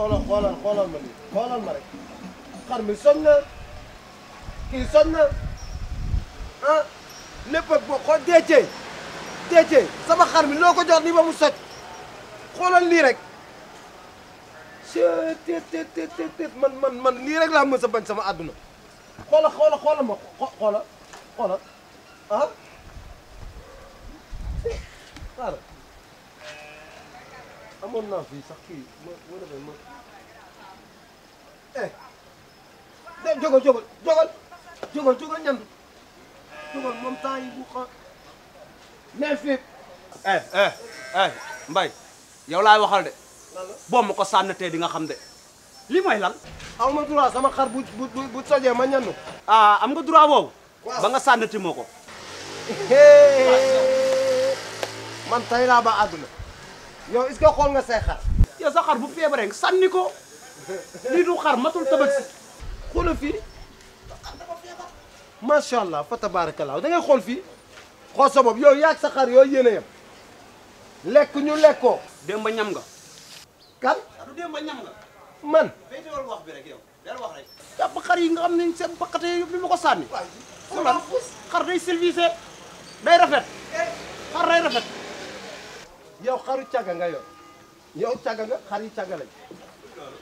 xoolal xoolal xoolal ma nii xoolal ma rek xar mi sonn na kii sonn na ah lépp boo xool deecee deecee sama xar mi loo ko jox nii ba mu soj xoolal lii rek seet teet teet teet man man man lii rek laa mës a sama àdduna xoolal xoolal xoolal ma xoolal xoolal ah xaaral amoon naa fii sax kii ma ma ma eh de jogo jogo jogo jogo jogo ñam jogo moom temps yi bu ko mais eh eh eh Mbaye yow laay waxal de boo ko di nga xam de lii mooy lan aw droit sama xar bu bu bu sojee ma ñannu ah am nga droit boobu ba nga sànnati moo man tey laa ba àdduna yow est-ce que nga say xar yow sa xar bu lii du xar matul tabaski xoolal fii macha allah fa tabaarakalaaw da ngay xool fi xool sa bopp yow yaag sa xar yooyu yéen a yem lekk ñu lekkoo. dem ba ñam nga. kan. du dem ba ñam nga. man. béy teewul wax bi rek yow del wax rek. jàpp xar yi nga xam ne seen bakkate yëpp ñu ma ko sànni. xar day service day rafet. Eh. xar day rafet. yow xaru tiaga nga yow yow tiaga nga xar yi càgga lañ.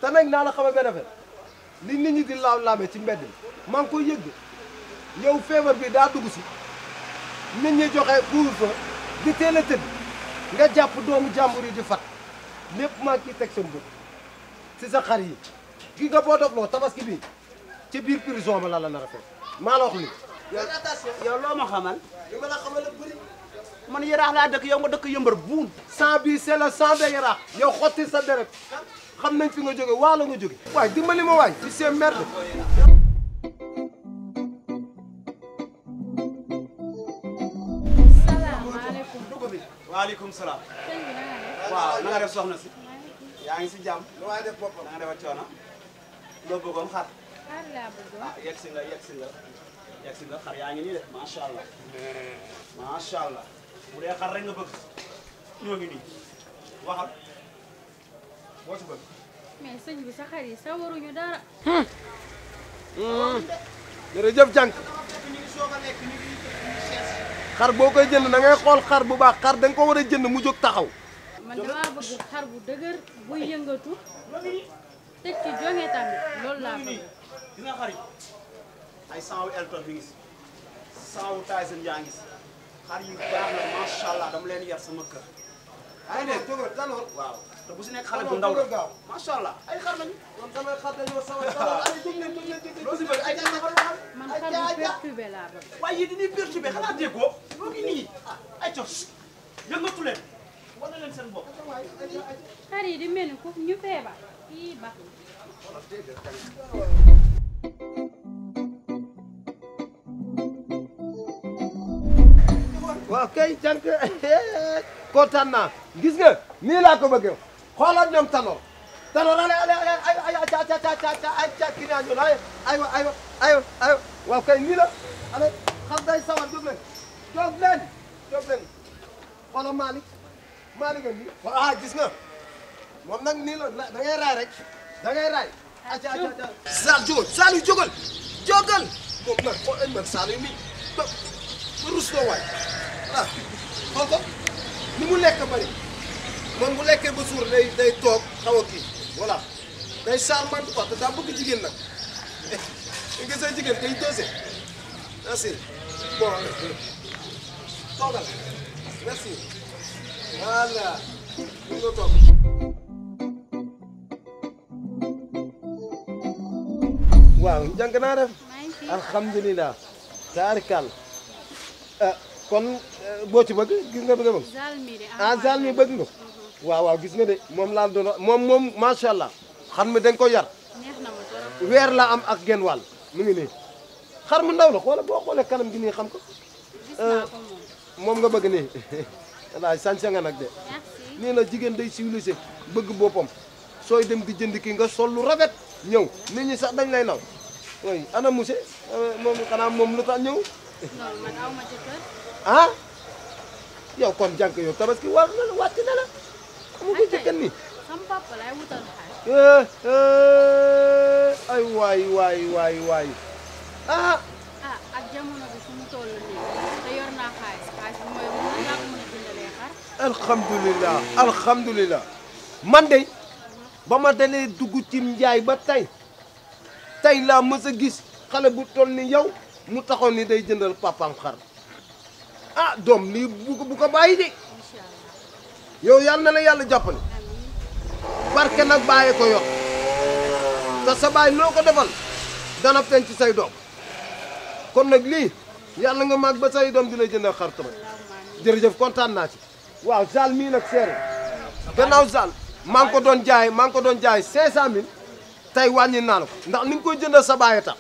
te nag naa la xamal benn affaire li nit ñi di laam-laamee ci mbedd mi maa ngi koy yëg yow feebar bi daa dugg si nit ñi joxe buur fa di teel tëdd nga jàpp doomu jàmbur yi di fat lépp maa ngi teg seen bët si sa xar yi ki nga boo dogloo tabaski bi ci biir prison ba la la nar ko maa la li yow loo ma xamal li ma la xamal la bëri man yaraax laa dëkk yow nga dëkk yëmbar buun sang bi c'est le sang de yaraax yow xotti sa deret xam nañ fi nga joge waa la nga jóge waay dimbali ma waay ci seen merde salaamaaleykum waaleykum salaam waaw na nga si yaa ngi si jàmm lu waay def boppam na nga def ah, nga yegg si nga yegg si nga yaa ngi nii allah eh. macha allah bu dee xar rek boo ci bëgg. mais sëñ bi sa xar yi sawaruñu dara. jërëjëf jànk. xar boo jënd da ngay xool xar bu baax xar da ko war jënd mu jóg taxaw. man bëgg xar bu dëgër yëngatu ci bëgg. dina ay Elton Tyson yaa xar yu baax la allah dama leen yar sama kër. yaa ngi dégg tanoor waaw te bu si nekk xale bu ndaw la gaaw macha allah ay xar lañu kon samay xar dañoo samay xar ay dum leen dum leen dum leen dum ay jaa xar xar man xar bu perturbé laa ba waaye yii dañuy perturbé xanaa déggoo loo ngi nii ah, ay cos yëngatu leen wane leen seen bopp xar yi di mel ni ku ñu feebar ii ba waaw kay jànk kontaan naa gis nga nii laa ko bëggee xoolal ñoom Tanor Tanor ay ay ay ay ay ca ca ca nii la ana xam day sawar jóg leen jóg leen jóg leen xoolal Malick Malick a nii ah gis nga moom nag nii la da ngay raay rek da ngay raay. acca acca acca Sall jógal Sall jógal jógal moom man Sall mi ba rus na waay ah xool ni mu lekk bari. man bu lekke bu sour day day tok xaw voilà day charmant quoi te daa bëgg jigen nak nga sa jigen day tosé merci bon toogal merci voilà ñu tok waaw jang na def alhamdullilah tarikal eh, kon eh, bo ci bëgg gi nga bëgg mo zalmi de ah zalmi bëgg nga waaw waaw gis nga de la do mom mom ma sha allah xar mi dañ ko yar. neex la am ak gen wal mu ngi ni xar mu ndaw la xol bo xoolee kanam gi ni xam ko. mom euh, nga bëgg ni walaay sañse nga nak de. ni la jigen day civilisé bëgg bopam soy dem di jënd ki nga sol rafet ñew nit ñi sax dañ lay naw. oui ana musse euh, mom kana mom lu tax ñew non man awma ci jëkkër. ah yow kon jank yow tabaski wax na la wàcc na la. mu ngi jëkkër ni eh, eh, ay waay waay waay ah ah ak jamono man de ba ma dalee dugg ci njaay ba tey tey laa mës a gis xale bu toll ni yow mu taxoon ni day jëndal papaam xar ah doom lii bu ko bàyyi de yow yàlla na la yàlla jàppale barke nag bàyyi ko yor te sa baay noo ko defal dana feeñ ci say doom kon nag lii yàlla nga màgg ba say doom di la jëndee xar tamit jërëjëf kontaan naa ci waaw Zal mii nag seere gannaaw Zal maa ngi ko doon jaay maa ngi ko doon jaay cinq cent mille tey wàññi naa la ko ndax ni nga koy jëndal sa baay tax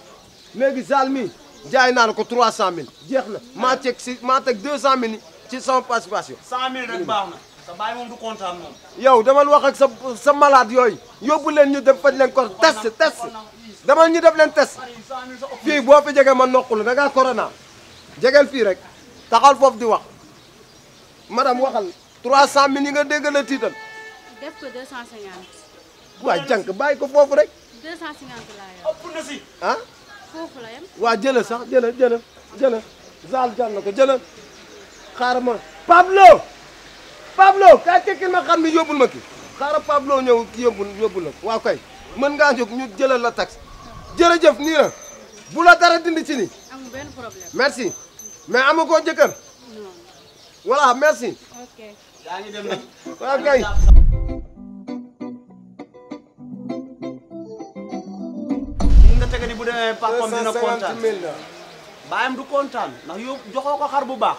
léegi Zal mii jaay naa la ko trois cent mille jeex na maa teg si maa teg deux cent mille ci sama participation cent mille rek baax na sa baay moom du kontaan moom. yow demal wax ak sa sa malade yooyu yóbbu leen ñu dem faj leen ko test test demal ñu def leen test fi ma da corona jegeel fii rek taxal fof di wax madame waxal 300000 yi nga dégg la tiital. def ko 250. waa jànk bàyyi ko foofu rek. 250 laa yor. ëpp na si. ah. foofu la yem. waa jëla sax jëla jëla ko Pablo. Pablo kaay tekkil ma xam ne yóbbul ma ki xaaral Pablo ñëw ki yóbbul yóbbul la waaw kay mën ngaa jóg ñu jëlal la tax jërëjëf nii la bu la dara dindi ci merci mais amu koo jëkkër voilà merci ok yaa bu demee papam dina kontaan baayam du kontaan bu baax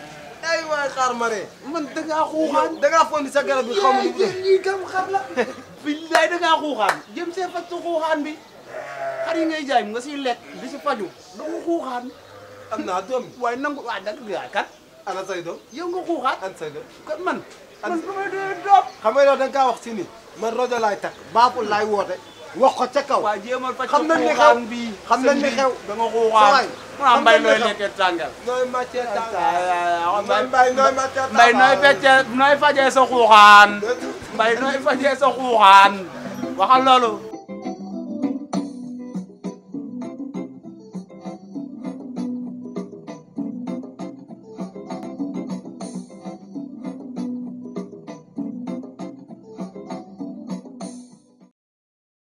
ay waay xaar ma ree man da ngaa xuuxaan da ngaa foog ni sa garab bi xaw ma ñi gam xar la billaay bi xar yi ngay jaay nga siy lekk di si faju da nga xuuxaan am naa doom waaye nangu waaye da nga kat ana say doom yow nga xuuxaan ana say doom kon man man ba may doom xam nga yow da nga kaa wax si ni man rajo laay takk baaful laay woote wax ko ca kaw. waaw jéemal fa xam nañ li xew xam nañ li xew. da nga ko waay mu am mbay nooy lekkee tàngal. nooy màccee mbay nooy màccee tàngal. mbay sa mbay nooy fajee sa xuuxaan waxal loolu.